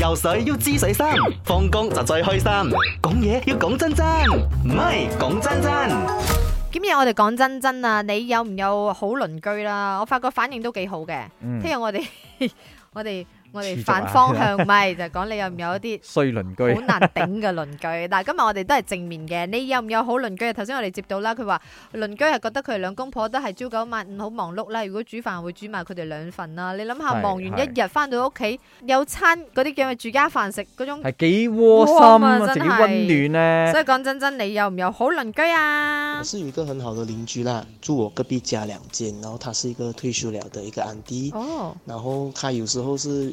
游水要知水深，放工就最開心。講嘢要講真真，唔係講真真。今日我哋講真真啊，你有唔有好鄰居啦、啊？我發覺反應都幾好嘅。嗯、聽日說我哋 我哋。我哋反方向，咪就講你有唔有一啲衰鄰居，好難頂嘅鄰居。但係今日我哋都係正面嘅，你有唔有好鄰居？頭先我哋接到啦，佢話鄰居係覺得佢哋兩公婆都係朝九晚五，好忙碌啦。如果煮飯會煮埋佢哋兩份啊，你諗下忙完一日翻到屋企有餐嗰啲叫咩住家飯食嗰種，係幾窩心啊，仲要溫暖咧。所以講真真，你有唔有好鄰居啊？我是一個很好的鄰居啦，住我隔壁家兩間，然後他是一個退休了嘅一個 auntie，哦，然後他有時候是。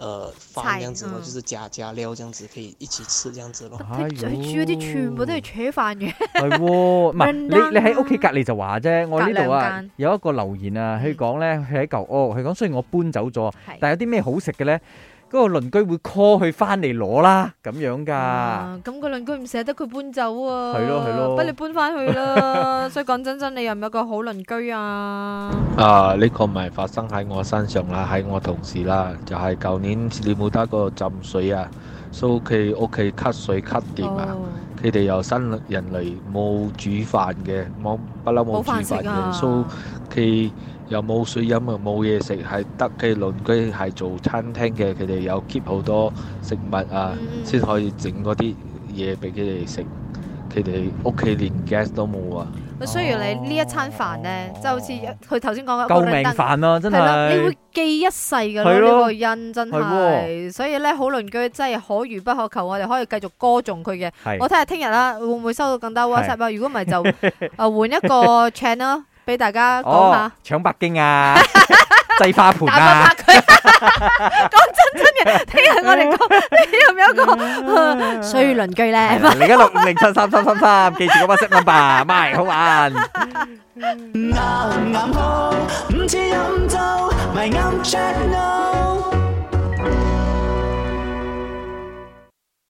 呃，飯樣子咯，就是加加料這樣子，可以一起吃這樣子咯。哎、呦他煮啲全部都是扯飯嘅。哎 呦、哦，唔係，你你喺屋企隔籬就話啫，我呢度啊有一個留言啊，佢講咧，佢喺舊屋，佢講雖然我搬走咗，但係有啲咩好食嘅咧，嗰個鄰居會 call 佢翻嚟攞啦，咁樣噶。咁、啊個鄰居唔捨得佢搬走啊，係咯係咯，不你搬翻去啦。 所以講真真，你又唔係個好鄰居啊？啊，呢、呢個唔係發生喺我身上啦，喺我同事啦，就係、係、舊年你冇得個浸水啊。蘇企屋企吸水吸電、oh. 啊！佢哋、so, 又新人類冇煮飯嘅，冇不嬲冇煮飯嘅。蘇企又冇水飲啊，冇嘢食，係得佢鄰居係做餐廳嘅，佢哋有 keep 好多食物啊，先、嗯、可以整嗰啲嘢俾佢哋食。佢哋屋企連 gas 都冇啊！所以你呢一餐飯咧，就好似佢頭先講嘅救命飯咯，真係。係啦，你會記一世噶啦呢個恩，真係。所以咧，好鄰居真係可遇不可求，我哋可以繼續歌頌佢嘅。係。我睇下聽日啦，會唔會收到更多 WhatsApp 啊？如果唔係就誒換一個 channel 俾大家講下。搶白金啊！製花盆啊！打翻佢！鄰居咧，零一六五零七三三三三，記住嗰把色粉筆，咪好玩。